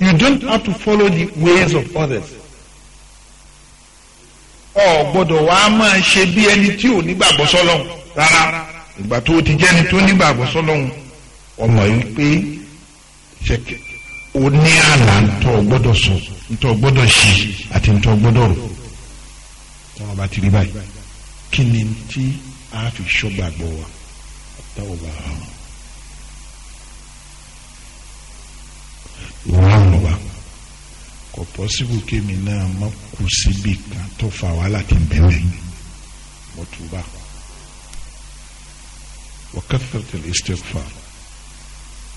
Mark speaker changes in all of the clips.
Speaker 1: You don't have to follow the ways of others. Ọ gbọ́dọ̀ wá máa ṣe bí ẹni tí ò nígbàgbọ́ sọ́lọ́hún rárá ìgbà tó ti jẹ́ni tó nígbàgbọ́ sọ́lọ́hún ọmọ yìí pé ṣẹkẹ o ní àlà ntọ́ gbọ́dọ̀ sọ ntọ́ gbọ́dọ̀ ṣe àti ntọ́ gbọ́dọ̀ rò tọ́wọ́ bá ti rí báyìí kí ni tí a fi ṣọ́ wa tọ́wọ́ bá hàn. rọrùn wa kò pọ́sibú kémi náà má kù síbi kan tó fa wàhálà tí ń bẹ̀rẹ̀ mo tù bá wa kathrat al-istighfar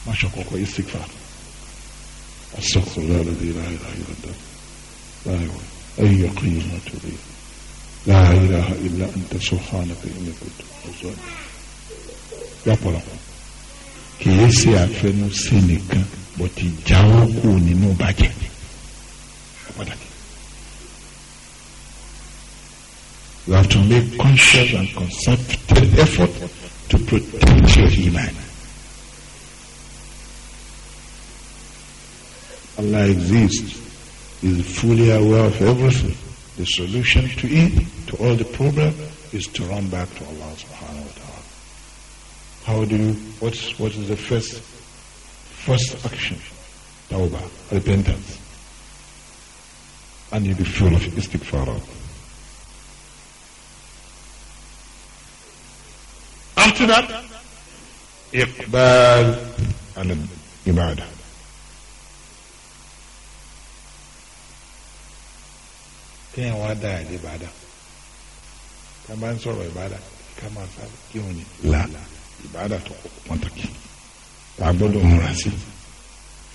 Speaker 1: má ṣe kọ́kọ́ istighfar astaghfirullah alladhi la ilaha illa anta láàyò ayé kò yé ma tó rí la ilaha illa anta subhanaka inni kuntu ọ̀zọ́ yàpọ̀lọpọ̀ kì í ṣe àfẹnusí nìkan. bó ti jáwọ́ kú nínú bàjẹ́ pàtàkì. You have to make conscious and concerted effort to protect your iman. Allah exists, is fully aware of everything. The solution to it, to all the problem, is to run back to Allah subhanahu wa ta'ala. How do you, what's, what is the first First action, tawbah, repentance. And you be full of istighfar. After that, iqbal على ibadah kan wá dá àdé kan ban so ń sọ̀rọ̀ ìbàdà ká máa sáré kí là ìbàdà tó pàtàkì. a gbọ́dọ̀ múra sí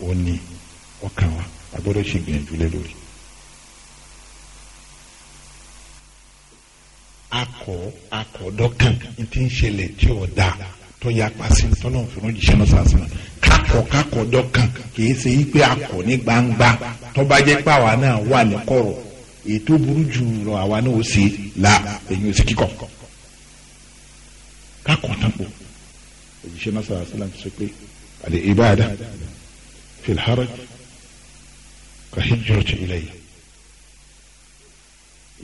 Speaker 1: ó ní ọkàn wa a gbọ́dọ̀ ṣe gbìyànjú lé lórí. akọ akọ dọkàn n ti ń ṣẹlẹ̀ tí o da tó ya pàṣẹ tọ́nà òfin jíṣẹ́ náà sàṣẹ kakọ kakọ dọkàn kìí ṣe ipe akọ ní gbangba tọ́ba jẹ́ pé àwa náà wà ní kọ̀rọ̀ ètò burú jù lọ àwa náà ó ṣe la èyí ò sì kíkọ̀ kakọ náà pọ̀ òjíṣẹ́ náà sàṣẹ sọ pé. العبادة في الحرج
Speaker 2: كهجرة إليه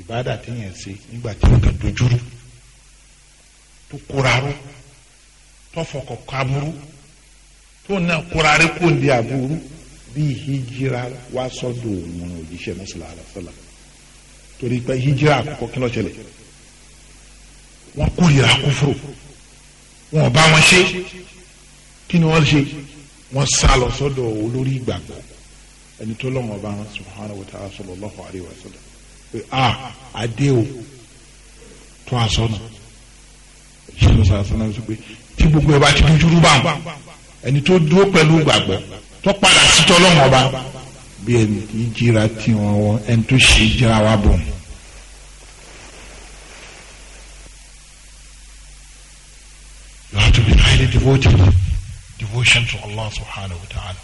Speaker 1: ìbádà téèyàn ṣe nígbà tí
Speaker 2: nǹkan dojúrú
Speaker 1: tó kóraró tó fọkàn kaburú tó náà kóraré kò ní aburú bíi hijira wá sọ́dọ̀ òun òjíṣẹ́ mọsálà àlàsálà torí pé hijira àkọ́kọ́ kí ló ṣẹlẹ̀ wọ́n kórìíra kúfúrò wọ́n bá wọn ṣe kí ni wọ́n ṣe wọ́n sá lọ sọ́dọ̀ olórí ìgbàgbọ́ ẹni tó lọ́wọ́ bá subhanahu wa ta'ala sallallahu alaihi wa sallam pé a adé o tó a sọnà ìṣèlú sàásánà sọ pé tí gbogbo ẹ bá ti dúdúrú bá wọn ẹni tó dúró pẹ̀lú ìgbàgbọ́ tó padà sí tọ́lọ́wọ́ bá bí ẹni tí jíra tí wọn wọn ẹni tó ṣe jíra wa bọ̀ You have to be highly devoted. devotion to Allah subhanahu wa ta'ala.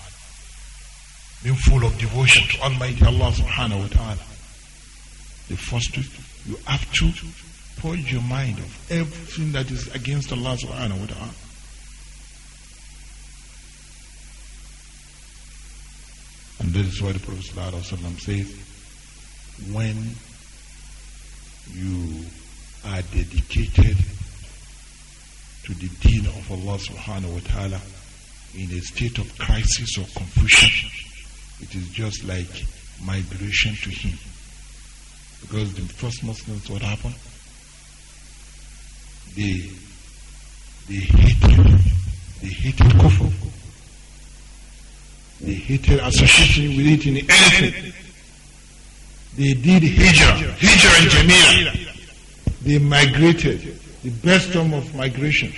Speaker 1: Being full of devotion to Almighty Allah subhanahu wa ta'ala. The first you have to purge your mind of everything that is against Allah subhanahu wa ta'ala. And this is why the Prophet ﷺ says, when you are dedicated to the deen of Allah subhanahu wa ta'ala, in a state of crisis or confusion, it is just like migration to Him. Because the first Muslims, what happened? They, they hated, they hated kufr. They hated association with it in anything. They did Hijra, Hijra in Jamila. They migrated, the best form of migration.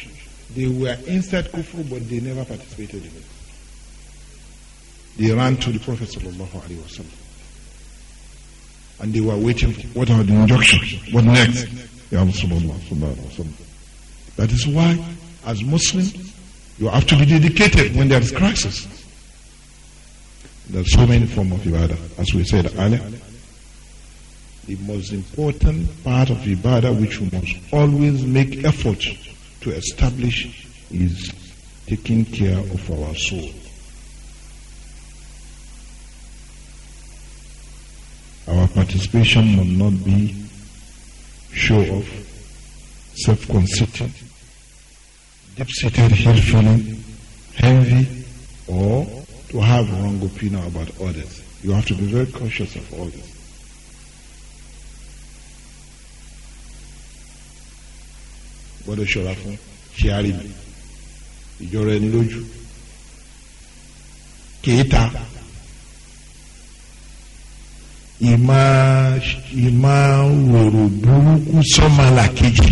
Speaker 1: They were inside kufr, but they never participated in it. They ran to the Prophet sallallahu and they were waiting for what are the injunctions? What next? Ya That is why, as Muslims, you have to be dedicated when there is crisis. There are so many forms of ibadah, as we said earlier. The most important part of ibadah, which we must always make effort to establish is taking care of our soul. Our participation must not be show off, self conceited, deep seated
Speaker 2: ill feeling,
Speaker 1: envy, or to have wrong opinion about others. You have to be very cautious of all this. gbọ́dọ̀ ṣọ́ra fún ṣe àrìmí ìjọra ẹni lójú kéèta ìmá ìmá wòrò
Speaker 2: burúkú sọ́mọ́là kejì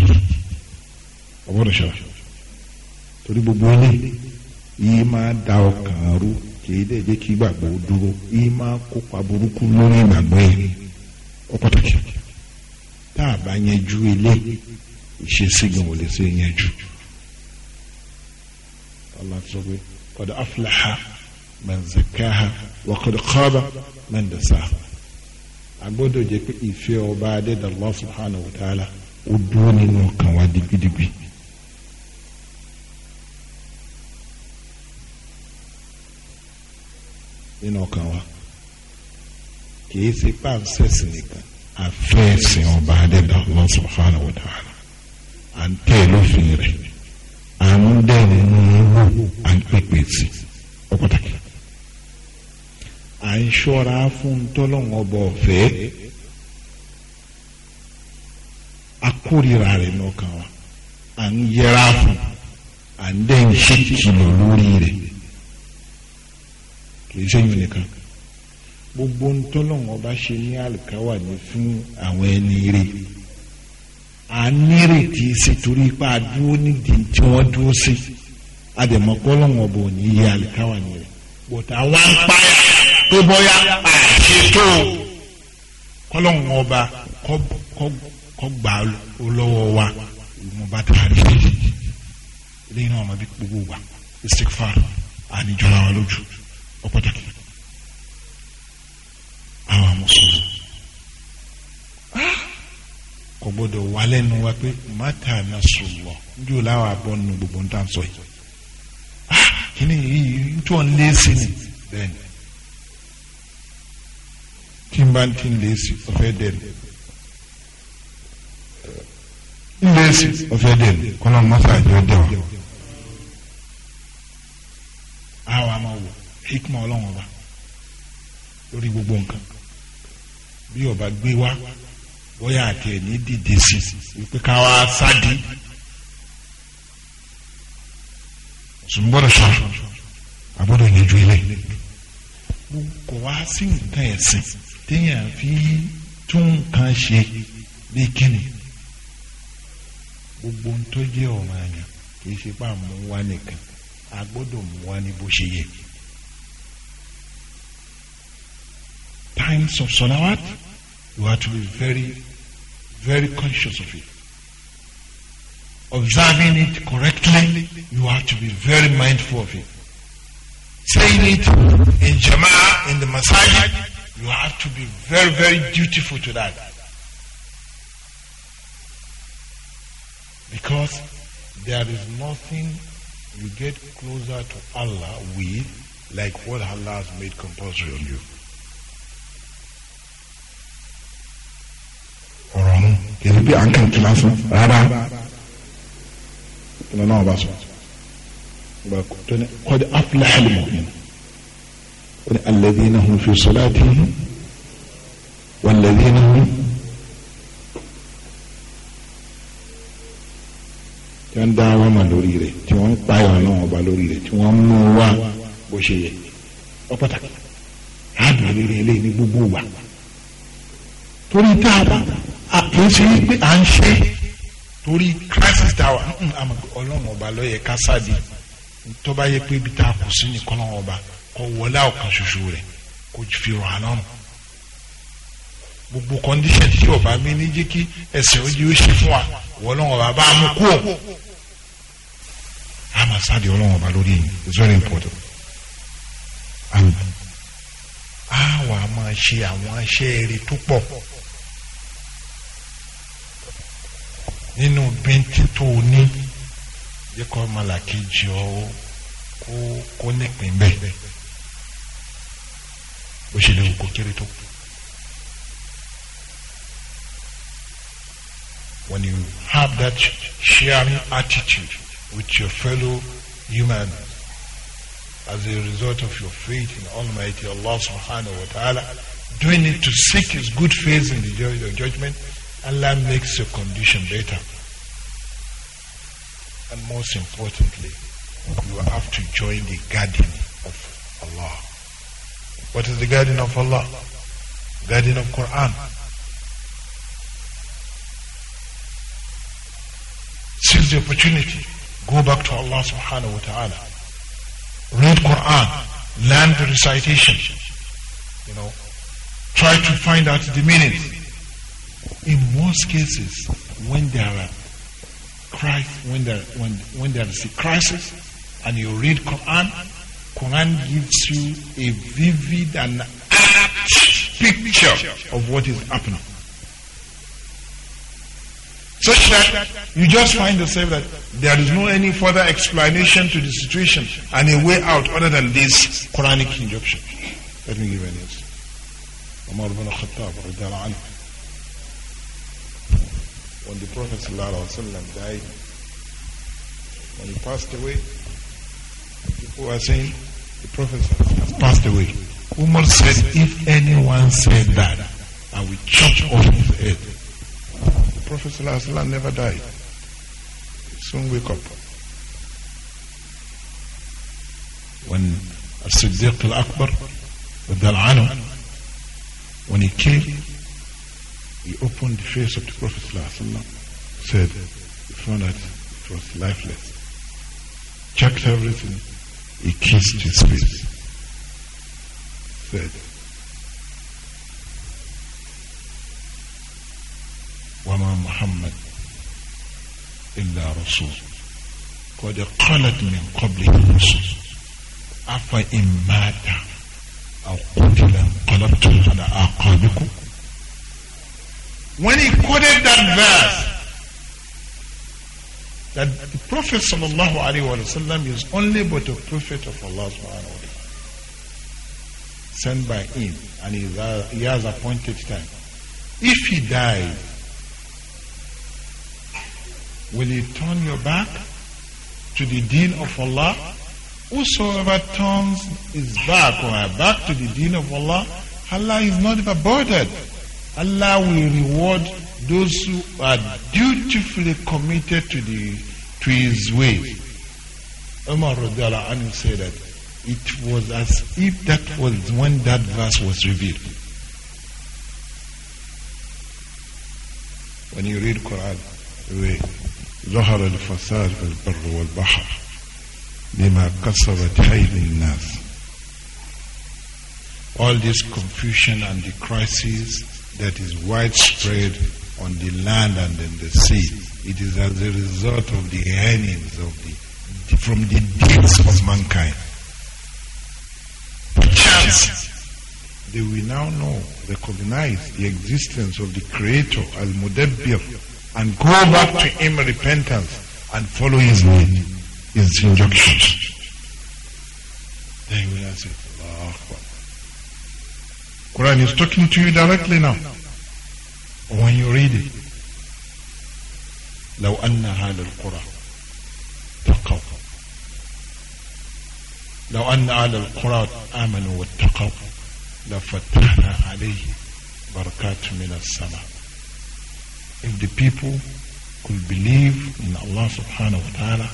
Speaker 1: ọgbọ́dọ̀ ṣọ́ra torí gbogbo ilé yìí máa da ọkàn rú kìí dẹ̀ jẹ́ kí gbàgbọ́ dúró yìí máa kópa burúkú lórí ìgbàgbọ́ yẹn ó pàtàkì tá a bá yẹn ju ilé ìṣesí gan ò lè ṣe yẹn jù Allah sọ pé qad aflaha man zakkaha wa qad khaba man dasaha agbọ́dọ̀ jẹ́ pé ìfẹ́ ọba adẹ́dà Allah subhanahu wa ta'ala
Speaker 2: ó dúró nínú ọkàn wa digbidigbi.
Speaker 1: nínú ọkàn wa kì í ṣe pàǹsẹ̀sì nìkan àfẹ́ ẹ̀sìn ọba adẹ́dà subhanahu wa ta'ala. à ń tẹ̀ lófin rẹ̀ à ń
Speaker 2: dẹ̀rùn wò
Speaker 1: à ṣọ́ra ọba ọ̀fẹ́ akórira rẹ̀ lọ́kàn wa yẹra fún gbogbo ntọ́lọ́wọ́n ọba ṣe ní àlùkáwà ní fún àwọn à ń nírètí sí torí ipá dúró nídìí tí wọ́n dúró sí àdèmọ́kọ́ lọ́wọ́ bò ní iye àlìkáwà ní rẹ̀ bòtà wá ń páyà pé bóyá àṣetò kọ́lọ́wọ́ ọba kọ́ gbà lọ́wọ́ wa ìwọ̀nba tààrí lẹ́yìn náà ọmọdé gbogbo wa istikfar àníjọra wa lójú ọ̀pọ̀tàkì àwọn mùsùlùmí kò gbọdọ̀ wà lẹ́nu wa pé mata nasrullah njó láwọn abọ́ nínú gbogbo ń tàn sọ yìí kíni yìí tó ń lé sí ni bẹ́ẹ̀ ni tí n bá ti ń lé sí ọ̀fẹ́ dẹ̀nu
Speaker 2: ń lé sí ọ̀fẹ́ dẹ̀nu kọ́nà mọ́sàájọ́ dẹ̀ wá
Speaker 1: àwa máa wò hikma ọlọ́run ọba lórí gbogbo nǹkan bí ọba gbé wá bóyá àti ẹni dìde sí wípé ká wá sádi ṣùgbọ́n sọ àbọ̀dọ̀ yẹjú ilé kò wá sí nǹkan ẹ̀sìn téèyàn fi tún nǹkan ṣe bí kíni gbogbo ń tó jẹ́ ọ̀ràn àyàn kì í ṣe pa mú wá nìkan a gbọ́dọ̀ mú wá ní bó ṣe yẹ. times of salawat you have to be very very conscious of it. Observing it correctly, you have to be very mindful of it. Saying it in Jama'ah, in the Masajid, you have to be very, very dutiful to that. Because there is nothing you get closer to Allah with like what Allah has made compulsory on you. kìí bí àǹkà tó lásán rárá ìlànà náà bá sọ ìgbà tó ní qad aflaha al-mu'minun
Speaker 2: ó ní alladhina hum fi salatihim walladhina hum.
Speaker 1: tí wọ́n dá wọn mà lórí rẹ̀ tí wọ́n pààyàn náà ọba lórí rẹ̀ tí wọ́n mú wa bó ṣe yẹ ọ pàtàkì àdùn rere ní gbogbo wa torí tá a bá kì í ṣe pé à ń ṣe torí crisis tower àmọ́ ọlọ́run ọba ló yẹ ká sáde tó bá yẹ pé ibi tá a kù sí nìkan ọlọ́run ọba kọ wọlé ọ̀kan ṣoṣo rẹ̀ kó fi rọ̀ àná nù gbogbo condition tí ọba mi ní jẹ́ kí ẹsẹ̀ ojú ó ṣe fún wa ọlọ́run ọba bá mú kú ọ̀ àmọ́ sáde ọlọ́run ọba lórí yìí it's very important. Amen. a wà máa ṣe àwọn aṣẹ́ eré tó pọ̀. nínú bíntín tó o ní kọ́ ọ kó kó nípìn bẹ́ẹ̀ ṣe lè kó kéré tó. When you have that sharing attitude with your fellow human as a result of your faith in Almighty Allah subhanahu wa ta'ala, doing it to seek His good face in the of judgment, Allah makes your condition better. And most importantly, you have to join the garden of Allah. What is the garden of Allah? Garden of Quran. Seize the opportunity. Go back to Allah subhanahu wa ta'ala. Read Quran. Learn the recitation. You know. Try to find out the meaning in most cases, when there are Christ, when there, when, when there is a crisis and you read Quran, Quran gives you a vivid and apt picture of what is happening. Such that you just find yourself that there is no any further explanation to the situation and a way out other than this Quranic injunction. Let me give an example when the Prophet Wasallam died, when he passed away, people were saying, the Prophet has passed away. Umar said, if anyone said that, I will chop off his head. The Prophet Wasallam never died. He soon wake up. When As-Siddiq al-Akbar, when he came, he opened the face of the Prophet said, he found that it was lifeless. Checked everything, he kissed his face. Said, "Wama Muhammad, illa Rasul." قد قالت من قبله الرسل أفإن مات أو قتل انقلبتم على أعقابكم when he quoted that verse, that the Prophet sallallahu alaihi wasallam is only but a prophet of Allah subhanahu wa ta'ala, sent by him, and he has appointed time. If he died, will you turn your back to the deen of Allah? Whosoever turns his back or her back to the deen of Allah, Allah is not ever bothered. Allah will reward those who are dutifully committed to the to his way. Umar said that it was as if that was when that verse was revealed. When you read Quran, ظهر الفساد في البر والبحر بما كسبت عين الناس all this confusion and the crises that is widespread on the land and in the sea. It is as a result of the earnings of the, from the deeds of mankind. Perchance they will now know, recognize the existence of the Creator as Mudabbir and go back to Him repentance and follow His lead, His injunctions. They will answer, Allah Quran is talking to you directly now. When you read it, لو أن أهل القرى اتقوا لو أن أهل القرى آمنوا واتقوا لفتحنا عليه بركات من السماء. If the people could believe in Allah subhanahu wa ta'ala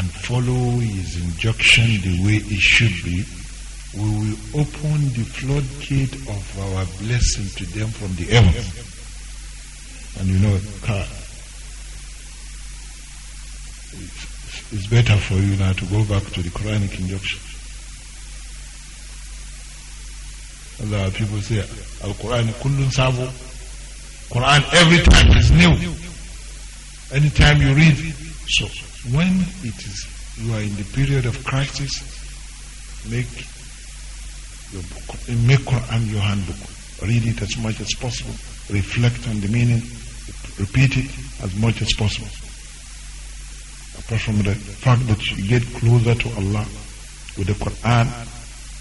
Speaker 1: and follow his injunction the way it should be, we will open the floodgate of our blessing to them from the heavens. And you know, it's, it's better for you now to go back to the Quranic injunction. Other people say, Al Quran kullun sabo. Quran every time is new. Anytime you read. So when it is you are in the period of crisis, make your book, make Quran your handbook. Read it as much as possible. Reflect on the meaning. Repeat it as much as possible. Apart from the fact that you get closer to Allah with the Quran,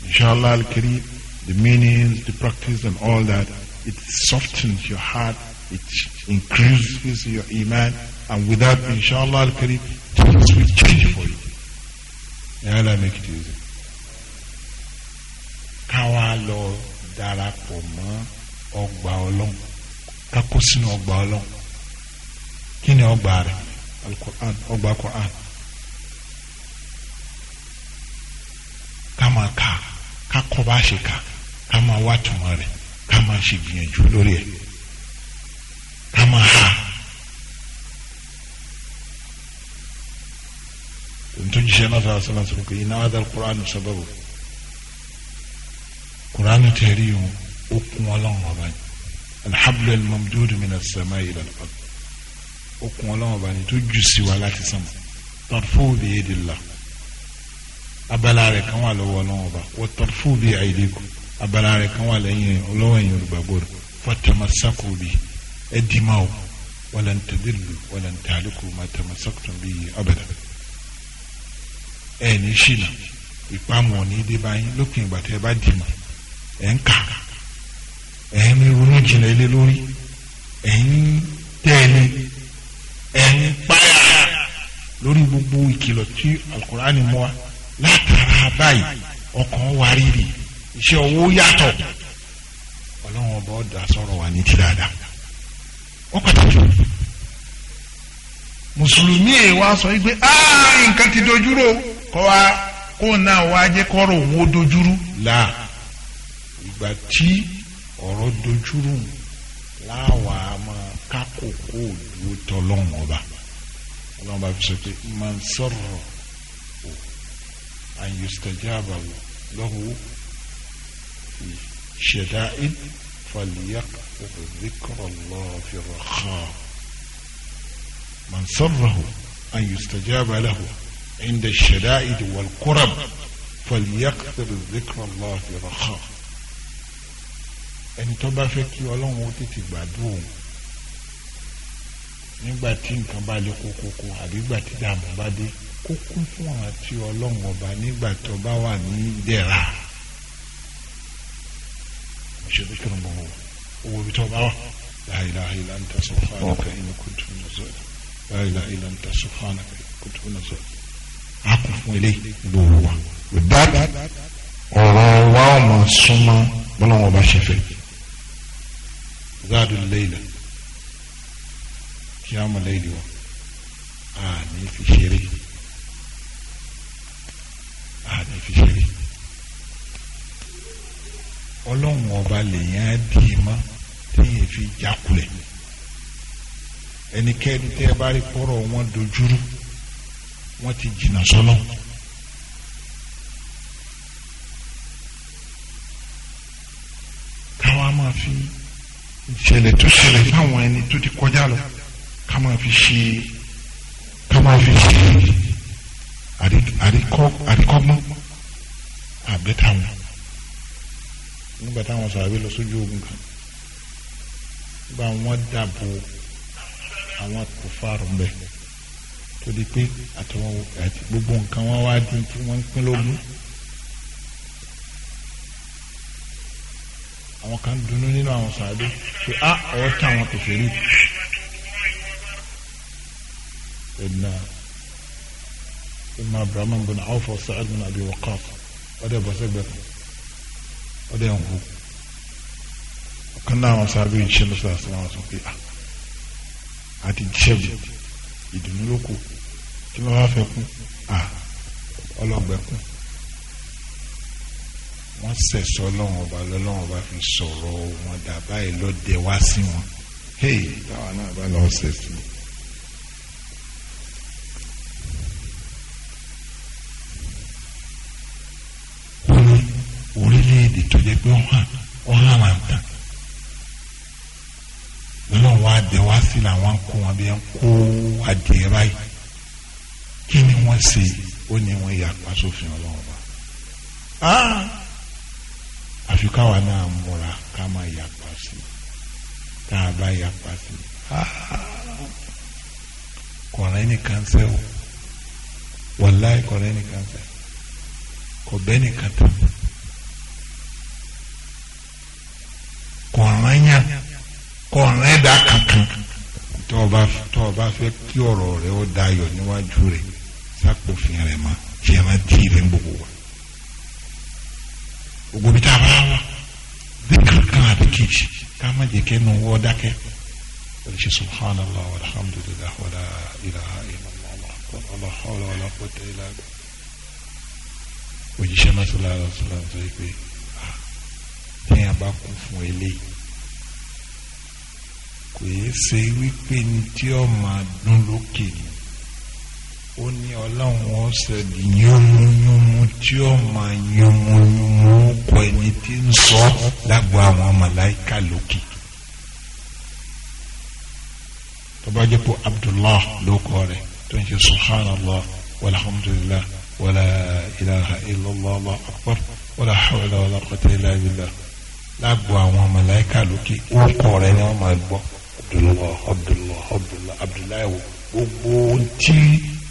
Speaker 1: inshallah al-kareem, the meanings, the practice and all that, it softens your heart, it increases your iman, and without inshallah al-kareem, things will change for you. May Allah make it easy. ká wá lọ darapọ̀ mọ́ ọgbà ọlọ́run ká kó sínú ọgbà ọlọ́run kí ni ọgbà rẹ̀ alukur'an ọgbà kur'an ká máa kà bá ṣe kà ká wá tùmọ̀ rẹ̀ ká ṣe gbìyànjú lórí ẹ̀ ká ha tuntun jíṣẹ́ náà sọ̀rọ̀ sọ̀rọ̀ sọ̀rọ̀ kò iná wà dá alukur'an sababu kuranu tẹ̀rí o ó kún ọlọ́run ọba ni alhamdulilayi mamdudu mina sama ila al-ard ó kún ọlọ́run ọba ni tó jù sí wa láti sàmà tarfu bi yedila abala rẹ̀ kan wà lọ́wọ́ ọlọ́run ọba wọ tarfu bi aidiku abala rẹ̀ kan wà lẹ́yìn ọlọ́wọ́ ẹ̀yìn olùgbàgbọ́dọ̀ fatamasako bi ẹ dì má o wàlẹ̀ ntẹ̀dẹ̀lù wàlẹ̀ ntẹ̀aliku ma tamasakutun bi abada ẹ̀ ní ṣìnà ìpamọ́ ní dé báyìí lópin ìgbà tẹ́ ẹ bá dì má o ẹ̀ ń kà ẹ̀ ń ronú jìnnà ilé lórí ẹ̀ ń tẹ̀lé ẹ̀ ń páyà lórí gbogbo ìkìlọ̀ tí alukurani mọ́ wa látara báyìí ọkàn wa rírì iṣẹ́ owó yàtọ̀ ọlọ́run ọba ọ̀dà sọ̀rọ̀ wa ní ti dáadáa ó pàtàkì mùsùlùmí ẹ̀ wá sọ wípé nǹkan ti dojúrò kọ́ wa kó náà wá jẹ́ kọ́rọ̀ òun ó dojúrú là ìgbà tí ọ̀rọ̀ dojúrù láwa máa kákòókò òdúró tọ́lọ́run ọba ọlọ́run bá fi sọ pé máa ń sọ̀rọ̀ o àyùsítẹ̀jẹ́ àbàwò lọ́wọ́ ṣẹ̀dá id fàlìyàkọ̀ ذكر الله في الرخاء من سره أن يستجاب له عند الشدائد والكرب فليكثر ذكر الله في الرخاء ẹni tó bá fẹ́ kí ọlọ́run ó tètè gbàdúrà òun nígbà tí nǹkan bá le kókókó àbí gbà tí dààmú bá dé kó kún fún àti ọlọ́run ọba nígbà tó bá wà ní dẹ̀ra ìṣèlú kí ló mọ̀ wọ́n owó ibi tó bá wà láìlá ilá ń tasọ̀ fáwọn kan inú kò tún ní zọ láìlá ilá ń tasọ̀ fáwọn kan inú kò tún ní zọ. a kún fún ilé gbogbo wa. ìdá ọ̀rọ̀ wa ò mọ̀ súnmọ́ bọ́lá wọn bá ṣe fẹ́ zaadul layla kíámù layli wa a ní fi ṣeré a ní fi ṣeré ọlọ́run ọba lèyàn á dì í mọ́ téèyàn fi jákulẹ̀ ẹnikẹ́ni tẹ́ ẹ bá rí kọ́rọ̀ wọn dojúrú ti jìnnà sọ́nà. káwa máa fi ìṣẹ̀lẹ̀ tó ṣẹlẹ̀ fáwọn ẹni tó ti kọjá lọ ká máa fi ṣe ká máa fi ṣe àríkọ́gbọ́n àbẹ́tàwọn nígbà táwọn sàbẹ̀ lọ sójú ogun kan nígbà wọn dàbò àwọn kò fárò mbẹ tó di pé àtọwọ àti gbogbo nǹkan wọn wá di tí wọn ń pín lógún. àwọn kan dùnnú nínú àwọn sàádé pé a ah, ọ̀ tẹ àwọn kèfèrí. ẹ̀dínà ìmọ̀ abrahamu bin awf sa'ad bin abi waqaf ọdẹ bọ́sẹ̀ gbẹ̀rẹ̀ ọdẹ ń hu ọ̀kan náà àwọn sàádé yìí ṣe lọ́sọ̀ àti wọn sọ pé ah, a àti jẹ́bi ìdùnnú ló kù kí ló wá fẹ́ kú a ah, ọlọ́gbẹ́ kù wọ́n sẹ̀sọ́ ọlọ́run ọba lọ́lọ́run ọba fi sọ̀rọ̀ wọn dà báyìí lọ́dẹ wá sí wọn hey táwa náà bá lọ́ọ́ sẹ̀sọ́. orílẹ̀-èdè tó jẹ́ pé wọ́n wọ́n láwọn àǹtàn lọ́nà wọn adẹ wá sí làwọn kó wọn bí wọn kó adìẹ báyìí kí ni wọ́n ṣe ó ní wọ́n yà pa sófin ọlọ́run wa àfi káwa náà múra ká má yapa sí i tá a bá yapa sí i kọ̀ọ̀rẹ́ nìkan sẹ́ o wàláì kọ̀ọ̀rẹ́ nìkan sẹ́ kò bẹ́ nìkan tán kọ̀ọ̀rẹ́ yàn kọ̀ọ̀rẹ́ dà kankan tọ́ọ̀bá tọ́ọ̀bá fẹ́ kí ọ̀rọ̀ rẹ ó dayọ̀ níwájú rẹ̀ sápòfin rẹ̀ mọ́ fìyàmá tì í rẹ̀ ń gbogbo wa gbogbo bí tá a bá wà díkà kan àti kejì ká má jẹ kí ẹnu wọ́ dákẹ́ olùṣe subhanallah alhamdulilah wàlá ilaha illallah wàlá hawla wàlá quwwata illa billah òjíṣẹ́ náà sọlá ara sọlá sọ pé a bá kún fún eléyìí kò yẹ ṣe wípé ní tí ọmọ adún lókè ni ó ní ọlọ́run ó ṣe di yúnmúyúnmú tí ó máa yúnmúyúnmú kọ ẹni tí ń sọ lágbo àwọn màláìka lókè. tó bá jẹ́ pé abdullah ló kọ́ rẹ̀ tó ń ṣe subhanallah walhamdulillah wala ilaha illallah allah akbar wala hawla wala quwwata illa billah lágbo àwọn màláìka lókè ó kọ́ rẹ̀ ni wọ́n máa gbọ́ abdullah abdullah abdullah abdullah wo gbogbo tí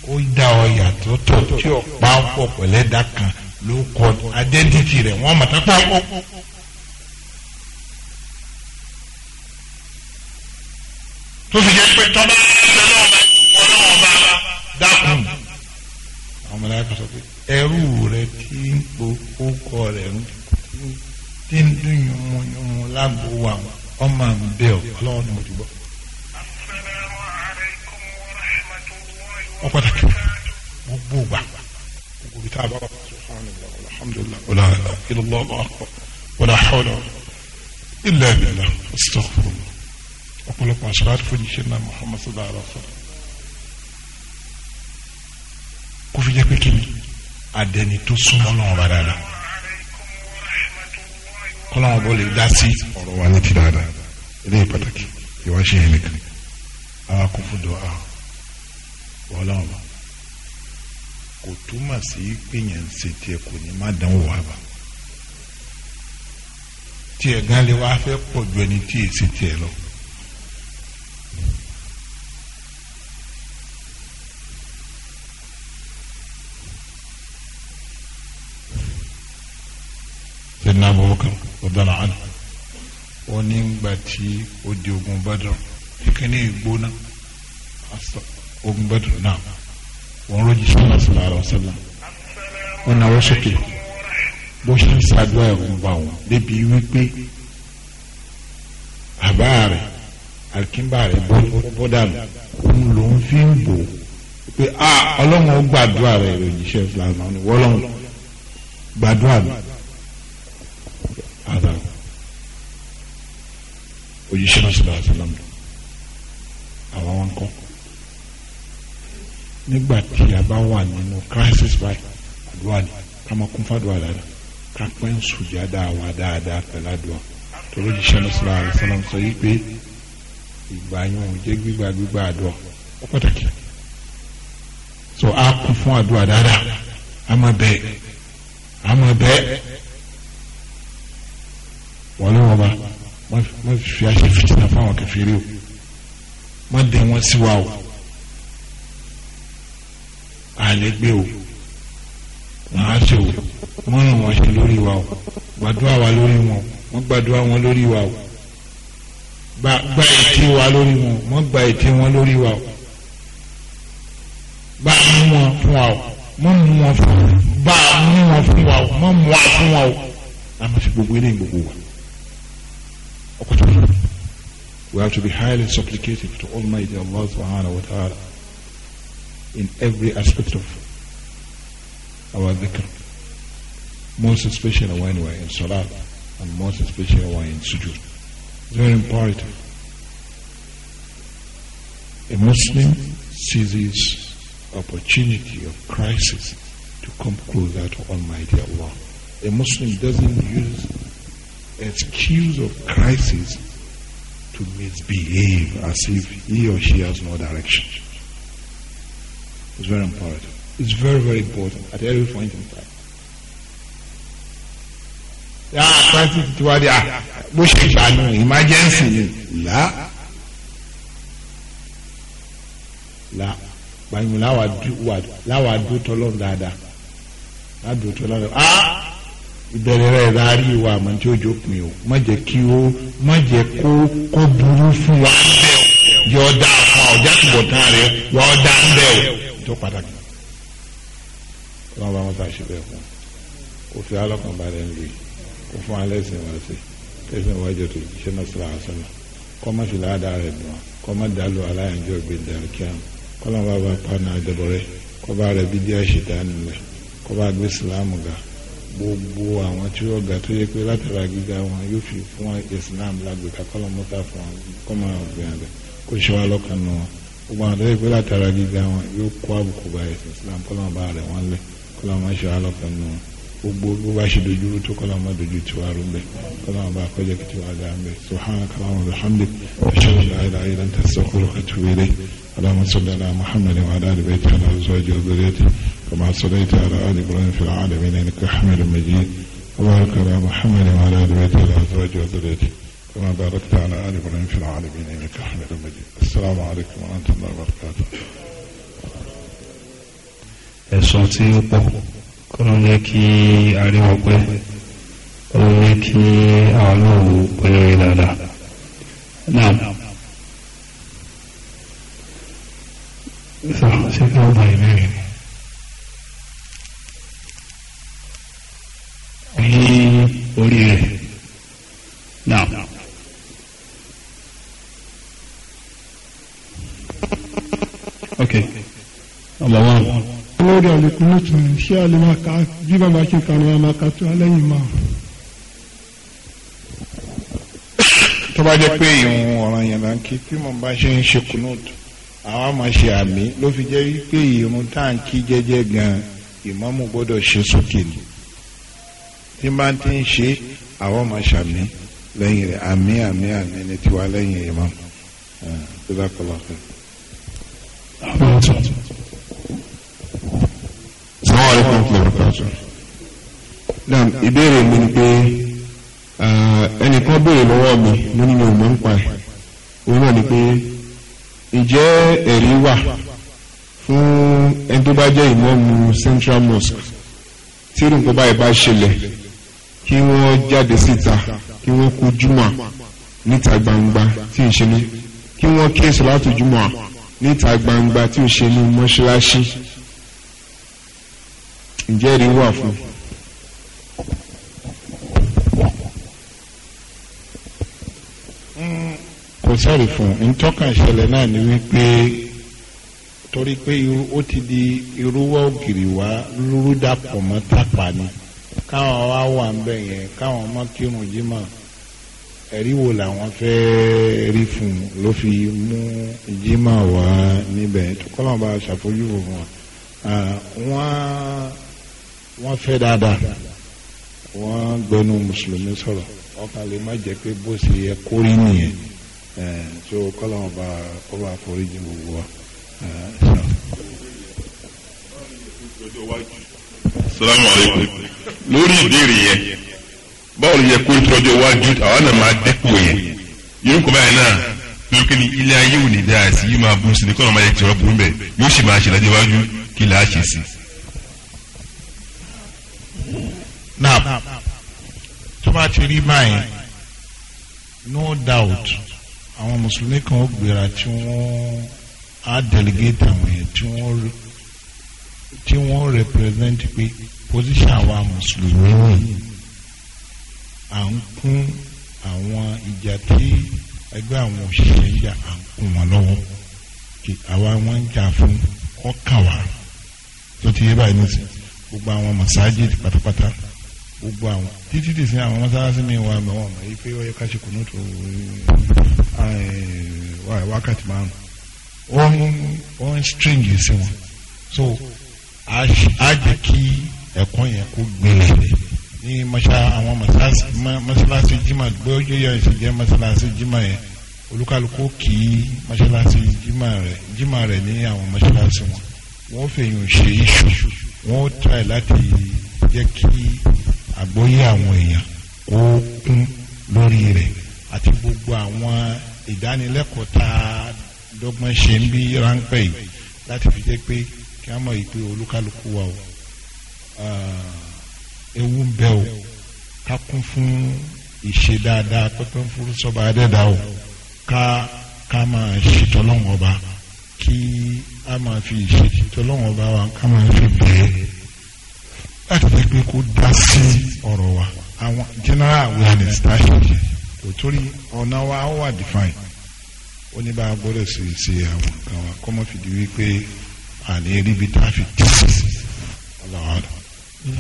Speaker 1: ó dá ọyà tó tó tí ò pa ń pọ̀ pẹ̀lẹ́dà kan ló kọ identity rẹ̀ wọ́n mọ̀ tán pọ̀ pọ̀. tó fi jẹ́ pé tọ́ba ọlọ́wọ́ ọlọ́wọ́ bá dákun àwọn mọ̀láyà sọ pé ẹrú rẹ̀ tí ń po kókó rẹ̀ ń tí ń dún yunmuyunmu lágbo wa ọmọ mi bẹ́ẹ̀ ọlọ́wọ́ ni mo ti gbọ́. ọpàtàkì gbogbo gbà gbogbo bí tá a bá wà subhanallah alhamdulilah wàlá ilàlá akbar wàlá hawla illa billah astaghfirullah ọ̀pọ̀lọpọ̀ asọ́láàtì fún yìí ṣe náà muhammad sallallahu alaihi wa sallam kó fi jẹ́ pé kí ni adẹni tó súnmọ́ lọ́wọ́ bá dáadáa kọ́láwọn bọ́ lè dá sí ọ̀rọ̀ wa ní ti dáadáa eléyìí pàtàkì ìwáṣẹ́ yẹn nìkan àwọn akófó dọ̀ àwọn ọlọ́run bá kò túmọ̀ sí pé yẹn ń ṣe tiẹ̀ kò ní má dán wò wá bá tiẹ̀ gan lè wá fẹ́ pọ̀ ju ẹni tí èsì tiẹ̀ lọ. sẹ́ni ní gbàtí ó ogun bá dùn kíkẹ́ ní ìgbóná ogun Badr náà wọ́n rọ́jì sọ́nà sílá ara ọ̀sẹ́lá wọ́n náwó sókè bó ṣe ń ṣàdúrà ẹ̀kún bá wọn débi wípé bàbá rẹ̀ àríkínbá rẹ̀ bọ́dàlù òun lòún fi ń bò pé a ọlọ́run ó gbàdúrà rẹ̀ òjíṣẹ́ sílá ara ọ̀sẹ́lá wọ́lọ́run gbàdúrà mi àdá òjíṣẹ́ sílá ara ọ̀sẹ́lá àwọn wọn kọ́ nígbà tí a bá wà nínú crisis báyìí àdúrà ni ká máa kún fàdúrà dáadáa ká pẹ́ ń sùjá dáadáa dáadáa pẹ̀lú àdúrà torí jíṣẹ́ náà sọ̀rọ̀ àrùn sọ́nà sọ yí pé ìgbà yẹn ò jẹ́ gbígbà gbígbà àdúrà ó pàtàkì so a kún fún àdúrà dáadáa a máa bẹ̀ a máa bẹ̀ wọlé wọn bá wọn fi àṣẹ fìtínà fáwọn kẹfìrí o wọn dẹ wọn sí wa o àlégbé o wọn ṣe o wọn ràn wọn ṣe lórí wa o gbàdúrà wa lórí wọn wọn gbàdúrà wọn lórí wa o gba ètí wa lórí wọn wọn gba ètí wọn lórí wa o bá a mú wọn fún wa o mọ mú wọn fún wa bá a
Speaker 2: mú wọn fún wa o mọ mú wa fún wa
Speaker 1: o àmọ́ sí gbogbo eléyìí gbogbo wa ọkọ tó fún wa we have to be highly supplicative to Almighty Allah subhanahu wa ta'ala. in every aspect of our dhikr. Most especially when we're in salah and most especially when in sujood. It's very imperative. A Muslim seizes opportunity of crisis to come closer to Almighty Allah. A Muslim doesn't use excuse of crisis to misbehave as if he or she has no direction. It's very important. It's very, very important at every point in time. yà á pàṣẹ tí wàá di à bó ṣe ìbànú emergency ni là là gbàyìnbó láwa dó tọ́lọ́n dáadáa láwa dó tọ́lọ́n dáadáa ah ìbẹ̀rẹ̀ rẹ̀ rárí ìwà àmọ́ tí ó jókòó o má jẹ́ kí ó má jẹ́ kó kó burú fún wa ń bẹ̀ o yọ ọ́ dáa fún ọ jákèjọ́ tán rẹ̀ yọ ọ́ dáa ń bẹ̀ o tó pàtàkì ọlọ́run bá wọn ta ṣe bẹ́ẹ̀ fún kò fi alọ́kàn balẹ̀ ń lu yìí kò fún alẹ́ sìn wá sí kẹsàn-án wájú tó ṣe náà sọ̀rọ̀ àṣọ̀nà kọ́ má fi láàdá rẹ̀ dùn kọ́ má dàlú aláyànjọ́ gbé dàkíyàn kọ́ lọ́n bá bá pa náà dẹ̀bọ̀rẹ́ kọ́ bá rẹ̀ bídí àṣetánù rẹ̀ kọ́ bá gbé sìláàmù ga gbogbo àwọn tí ó ga tó yẹ pé látara gíga wọn yóò fi fún islam lágbèéká kọ́ lọ́n mọ́ta fún wọn kọ́ máa gbìyànjú kó ṣe wá lọ́kàn náà gbogbo àwọn àtọ́jú pé látara gíga wọn yóò kó àbùkù bá ẹ̀sìn Islam kọ́lọ́mù bá rẹ̀ wọ́n lẹ̀ kọ́lọ́mù má ṣe alọ́kàn nù wọn gbogbo bó bá ṣe dojúrú tó kọ́lọ́mù má dojú tiwa rú bẹ́ẹ̀ kọ́lọ́mù bá kọjá kí tiwa dá bẹ́ẹ̀ subhanaka Allahumma wa bihamdik ashhadu an la ilaha illa anta astaghfiruka wa atubu ilayk اللهم صل على محمد وعلى ال بيته وعلى ازواجه وذريته كما صليت على ال ابراهيم في العالمين انك حميد مجيد وبارك كما باركت على آل إبراهيم في العالمين إنك حميد مجيد السلام عليكم ورحمة
Speaker 2: الله وبركاته ẹ̀sùn tí ó pọ̀ kọ́nà ní kí ariwo pé ó ní kí àwọn náà wò dáadáa náà ṣe kí ó bá ìbéèrè ni. ní orí rẹ̀.
Speaker 1: da alkunut ne shi alima
Speaker 2: ka jiba bakin kanuwa ma ka tó alẹ́yìn ma. tó bá jẹ́ pé
Speaker 1: ìhun ọ̀ràn yẹn là ń kí tí mo bá ṣe ń ṣe kunut àwa máa ṣe àmì ló fi jẹ́ wípé ìhun tá à ń kí jẹ́jẹ́ gan-an ìmáàmù gbọ́dọ̀ ṣe sókè ni tí n bá ti ń ṣe àwa máa ṣàmì lẹ́yìn rẹ̀ àmì àmì àmì ni tiwa lẹ́yìn ìmáàmù.
Speaker 2: thousand. Now ìbéèrè mi ni pé ẹnìkan béèrè lọ́wọ́ mi mo ní mi ò mọ̀ ń pa ẹ̀. Òun náà ni pé ìjẹ́ ẹ̀rí wà fún ẹni tó bá jẹ́ ìmọ̀ọ́mù Central Mosque tí nǹkan báyìí bá ṣẹlẹ̀ kí wọ́n jáde síta kí wọ́n kú júmọ̀ níta gbangba tí ì ṣe ní kí wọ́n kí èso láti júmọ̀ níta gbangba tí ì ṣe ní mọ́ṣáláṣí. ìjẹ́rìí wà fún
Speaker 1: kò sẹ́rì fún ntọ́ka ìṣẹ̀lẹ̀ náà ni wípé torí pé ó ti di irúwọ́ ògiri wá lúrú mọ́ tàpá ni káwọn wá wà ń bẹ̀ yẹn káwọn mọ́ kírun jímọ̀ ẹ̀rí wo làwọn fẹ́ rí fún un ló fi mú jímọ̀ wá níbẹ̀ kọ́lọ́mù ṣàfojúfò fún wa wọ́n fẹ́ dáadáa wọ́n gbẹnu mùsùlùmí sọ̀rọ̀ ọkàn lè má jẹ́ pé bó ṣe yẹ kó rí nìyẹn ẹ̀ tó kọ́lọ́mù bá ó bá foríjì gbogbo
Speaker 2: wa. salaamaleykum lórí ìbéèrè yẹn báwo ló yẹ kó tọ́jú iwájú àwọn
Speaker 1: náà máa dẹ́kù yẹn yóò kọ́ báyìí náà lórí kí ni ilé ayé ò ní dáa sí yìí máa bú sí ni kọ́nà máa yẹ kí ìṣòro burú bẹ́ẹ̀ yóò sì máa ṣèlàjẹ́ iwájú kí làá ṣe sí i. náà tó bá ti rí báyìí no doubt àwọn mùsùlùmí kan ó gbéra tí wọ́n á delegate àwọn yẹn tí wọ́n tí wọ́n represent pé position àwa mùsùlùmí yìí à ń kún àwọn ìjà tí ẹgbẹ́ àwọn òṣìṣẹ́ ń jà à ń kún wọn lọ́wọ́ kí àwa wọn ń jà fún ọkàn wa
Speaker 3: tó ti yé báyìí nísìnyí
Speaker 1: gbogbo àwọn masajid pátápátá gbogbo àwọn títí tìsí àwọn mọ́sálásí mi wà mẹ́wọ́n mọ́ yìí pé ọyọ́ káṣí kùnú tó wákàtí márùn-ún ó string sí wọn so a jẹ́ kí ẹ̀kọ́ yẹn kó gbélé ní àwọn mọ́sálásí jimá gbọ́dọ̀ yẹ ẹ̀sìn jẹ́ mọ́sálásí jimá yẹn olúkálukú kì í mọ́sálásí jimá rẹ̀ jimá rẹ̀ ní àwọn mọ́sálásí wọn wọ́n fèèyàn ṣe iṣu wọ́n try láti jẹ́ kí àgbọ́yé àwọn èèyàn kó kún lórí rẹ̀ àti gbogbo àwọn ìdánilẹ́kọ̀ọ́ tá a dọ́gbọ́n ṣe ń bí ráńpẹ́ yìí láti fi jẹ́ pé kí a mọ̀ yìí pé olúkálukú wa o ewu ń bẹ o ká kún fún ìṣe dáadáa pẹ́pẹ́ ń furu adẹ́dá o ká ká máa ṣe tọ́lọ́wọ́n ọba kí a máa fi ìṣe tọ́lọ́wọ́n ọba wa ká máa fi bẹ̀ẹ́ ẹ jẹ́ pé kó dá sí ọ̀rọ̀ wa àwọn general awareness tá a ṣe yẹ kò torí ọ̀nà wa ó wà define ó ní bá a gbọ́dọ̀ ṣe ṣe àwọn nǹkan wa kọ́mọ́ fìdí wípé àní eríbi tá a fi tì sí ọlọ́wọ́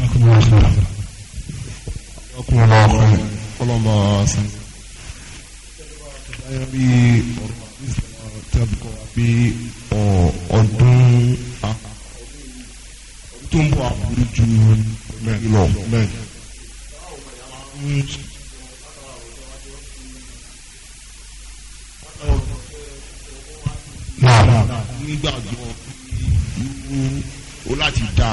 Speaker 2: ọkùnrin
Speaker 3: ọkùnrin ọlọ́mọ ọ̀sán bí ọdún tó ń bọ̀ àbúrú ju lọ bẹ́ẹ̀.
Speaker 2: nígbàgbọ́ o láti da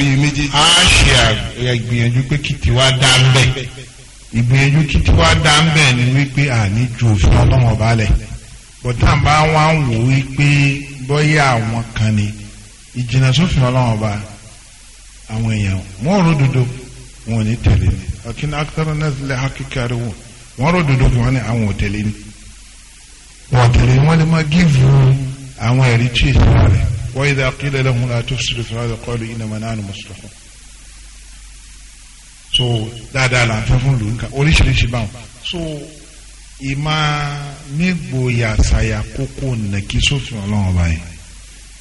Speaker 2: rí méjèèjì. a ṣe ìgbìyànjú pé kìtì wa dá ń bẹ̀
Speaker 1: ìgbìyànjú kìtì wa dá ń bẹ̀ ni wípé àní ju òfin ọlọ́mọba lẹ̀ bọ̀dá bá wà ń wò wípé bọ́yá àwọn kan ni ìjìnà sófin ọlọ́run ọba àwọn èèyàn wọn rò dodo wọn ò ní tẹ̀lé ni ọ̀kìnà akitara náà lè hakíkà rẹ wọn wọn rò dodo wọn ni àwọn ò tẹ̀lé ni wọn tẹ̀lé wọn lè má gíìfù àwọn ẹ̀rí tí ìsira rẹ wọ́n yìí dá kílẹ̀ lẹ́hùn láti fúsùlù fún ọ̀dọ̀ kọ́ọ̀lù ìnàmọ̀ náà ni mùsùlùmí. so dáadáa là ń fẹ́ fún lùkà oríṣiríṣi báwọn so ìmá nígboyà sàyà kókó nàkí sófin ọlọ́run ọba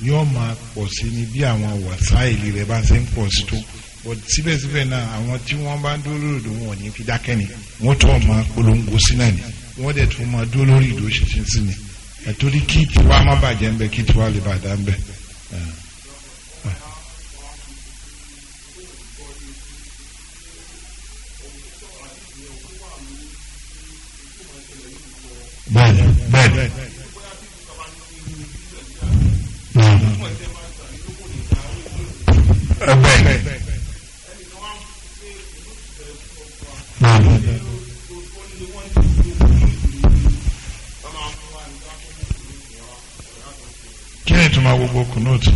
Speaker 1: yóò máa pọ̀ sí ni bí àwọn wàsáìlì rẹ̀ bá ṣe ń pọ̀ sí tó but síbẹ̀síbẹ̀ náà àwọn tí wọ́n bá ń dúró lòdò wọn ò ní fi dákẹ́ ni wọ́n tó máa polongo sí náà ni wọ́n dẹ̀ tó máa dúró lórí ìdó ṣinṣin sí ni ẹ̀tọ́rí kí tiwa má bàjẹ́ ń bẹ kí tiwa lè bàdá ń bẹ. bẹ́ẹ̀ni bẹ́ẹ̀ni. أبين نعم kí ni tuma gbogbo kunutu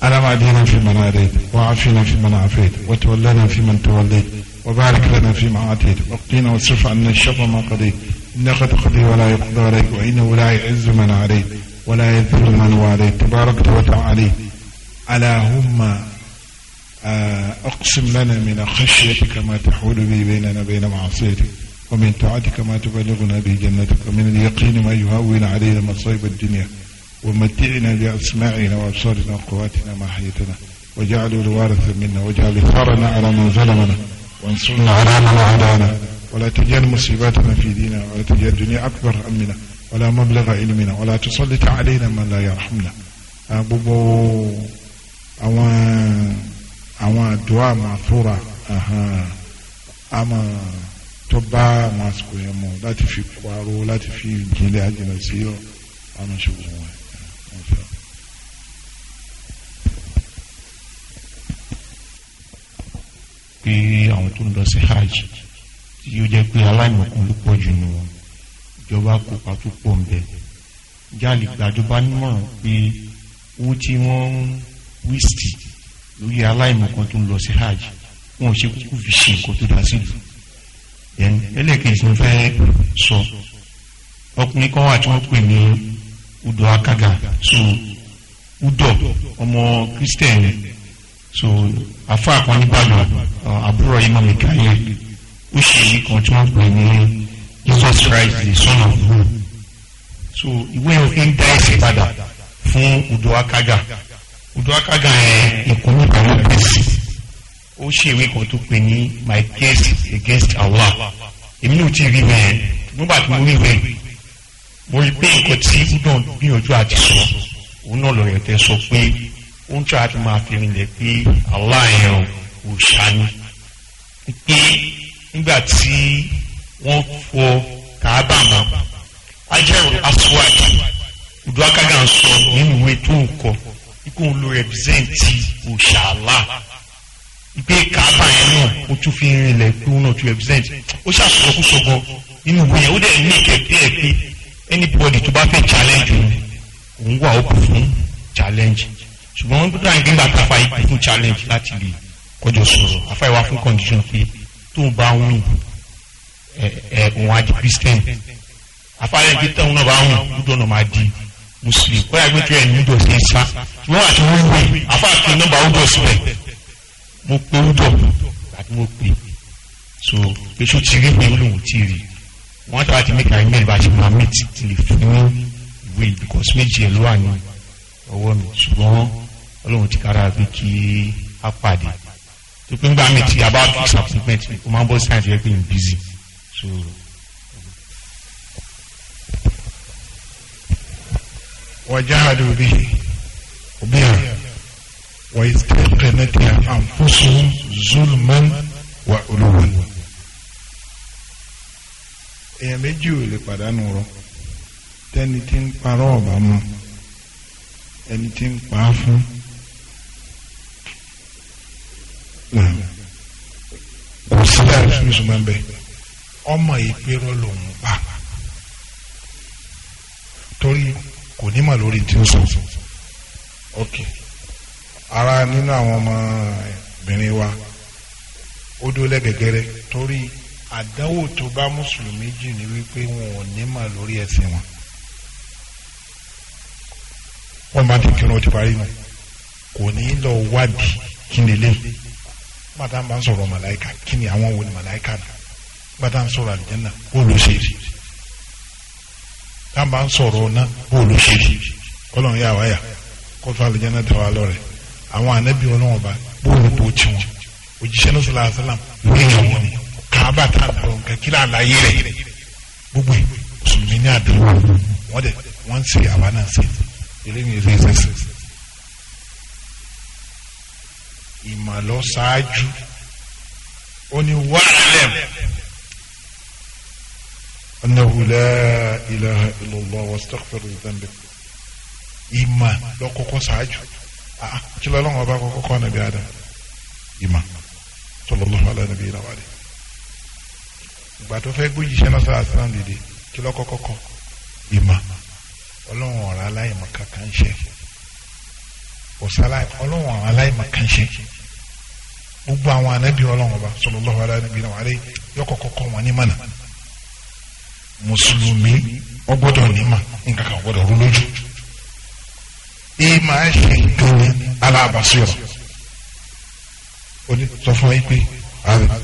Speaker 1: alama adina fi man adait wa afina fi man afait wa tawallana fi man tawallait wa barik lana fi ma atait wa qina wasrif anna sharra ma qadait innaka taqdi wa la yuqda alayk wa innahu la yu'izzu man adait ولا يذل من واليت تبارك وتعالى هم آه، أقسم لنا من خشيتك ما تحول به بيننا وبين معصيتك ومن طاعتك ما تبلغنا به جنتك ومن اليقين ما يهون علينا مصائب الدنيا ومتعنا بأسماعنا وأبصارنا وقواتنا ما حيتنا وجعلوا الوارث منا وجعل ثارنا على من ظلمنا وانصرنا على من عادانا ولا تجعل مصيباتنا في ديننا ولا تجعل الدنيا أكبر همنا ولا مبلغ علمنا ولا تسلط علينا من لا يرحمنا gbogbo àwọn àwọn àdúrà màfúrà àmọ́ tó bá àwọn àsìkò yẹn mọ láti fi kó aró láti fi jinlẹ̀ àjìnà sí ọ àwọn ṣòwò wọn.
Speaker 2: pé àwọn tó ń lọ sí hajj yóò jẹ́ pé aláìmọ̀kan ló pọ̀ jù nù wọn ìjọba kópa tó pọ̀ ń bẹ̀ jáàlì gbàjọba nímọ̀ràn pé owó tí wọ́n ń wíṣì lórí aláìmọ̀ kan tó ń lọ sí hajj wọn ò ṣe kúkú fi ṣe nǹkan tó dá sí ìlú ẹni ẹlẹ́kẹ̀ẹ́sì ń fẹ́ sọ ọkùnrin kan wà tí wọ́n pè ní udo akaga so udo ọmọ kristẹni so afa kan nígbàdàn àbúrò imam ìkàyẹ ó ṣe èyí kan tí wọ́n pè ní. Jesus Christ the son of God so ìwé òfin dá ẹsẹ̀ padà fún Udoh Akaga Udoh Akaga ẹ̀ ìkúrú àwọn gbèsè ó ṣèwé kan tó pè ní my case against Allah èmi náà ti rí bẹ́ẹ̀ nígbà tí mo rí bẹ́ẹ̀ mo rí pé nǹkan tí Udoh gbìyànjú àti sọ òun náà lọ́yọ̀ tẹ́ sọ pé ó ń tọ́ àti máa fi rinlẹ̀ pé Allah ẹ̀ ò ṣàní pé nígbà tí wọ́n fọ kàábà mọ́ ajẹ́rù afuwájú ìdúrákàgà ń sọ nínú ìwé tó ń kọ ikú ń lo rẹpizẹ́ǹtì òṣàlá ìpè kàábà yẹn náà ó tún fi ń rinlẹ̀ pé ó náà tún rẹpizẹ́ǹtì ó ṣàṣọkú sọgbọ nínú ìwé yẹn ó dẹ̀ ní ìkẹ́kẹ́ ẹ̀ pé anybody tó bá fẹ́ challenge òun wà ó kù fún challenge ṣùgbọ́n wọ́n gbọ́dọ̀ àgbẹ̀ gbàgbà fa ikú fún challenge láti lè kọjọ sọ̀rọ̀ àfàìwá fún condition pé tóun bá wù ẹ̀ẹ̀kùn eh, eh, wa di christian afárẹ́ ìdí tẹ̀hún náà bá hùn gbúdọ̀ náà máa di muslim ó yà gbẹ́tọ́ ẹ̀yìn gbúdọ̀ sí ẹ̀sá ṣùgbọ́n àti wọ́n wé afárẹ́ ìdí nọ́mbà gbúdọ̀ síbẹ̀ mo pé gbúdọ̀ àti mo pè so pẹ̀sù ti rí pé olóhùn ti rí wọ́n tàbá ti make arrangement bá ti máa meet ti lè fún ìwé because méjì ẹ̀ ló wà ní ọwọ́ mi ṣùgbọ́n olóhùn ti kára bí kí á pàdé tó pé ń gbà mí ti abá fi supplement ó máa ń bọ́ sáyẹ̀nsì rẹ̀ pé ń busy sùúrù.
Speaker 1: وجعلوا به بها واستيقنتها أنفسهم ظلما وعلوا èèyàn méjì ò lè pàdánù rọ tẹni tí ń parọ́ ọ̀bà mọ́ ẹni tí ń pa á fún. kò sí àìsùn ìsúnmọ́ bẹ́ẹ̀ ọmọ ìpérọ lòun pa torí kò ní mà lórí tí ó sọ ok ara nínú àwọn ọmọbìnrin wa ó dúró lẹ́gẹ̀gẹ́rẹ́ torí àdánwò tó bá mùsùlùmí jù ní wípé wọn ò ní mà lórí ẹ̀sìn wọn wọ́n máa ti kírun ti parí nù kò ní lọ wádìí kí ni lé màtá máa ń màláìka kí ni àwọn wo ni màláìka náà bàtà ń sọ̀rọ̀ àlìjẹ́nà bó ló ṣe rí táwọn bá ń sọ̀rọ̀ ọ̀nà bó ló ṣe rí ọlọ́run yà wáyà kó fà àlìjẹ́nà tẹ̀ wá lọ́rẹ̀ àwọn ànábì ọlọ́run ọba bó ló bó ti wọn òjíṣẹ́ náà sọ̀rọ̀ àṣàlà lóyún wọn ni káàbà tá a lọ nǹkan kí láàláyé rẹ̀ gbogbo ẹ̀ mùsùlùmí ní àdúrà wọn dẹ̀ wọ́n ń ṣe àwa náà ṣe eléyìí ṣe ṣe ṣe ó ní wàhálẹ̀ أنه لا إله إلا الله واستغفر الذنب إما لو كوكو ساجو آه كلا لون أبا كوكو نبي آدم إما صلى الله على نبينا وعليه ìgbà tó fẹ́ gbójì iṣẹ́ náà sára sára dìde kí lọ́kọ́ kọ́kọ́ ìmọ̀ ọlọ́run ọ̀rọ̀ aláìmọ̀ kankan ṣe ọlọ́run ọ̀rọ̀ aláìmọ̀ kan ṣe gbogbo àwọn anábì ọlọ́run ọba sallallahu alaihi wa sallam yọkọ̀ kọ́kọ́ wọn ní mọ̀nà mùsùlùmí ọgbọ́dọ̀ nímà nǹkan kan gbọ́dọ̀ rú lójú ìmọ̀ ẹ̀sìn ìdòwì alábàṣírọ̀ oní sọ fún yín pé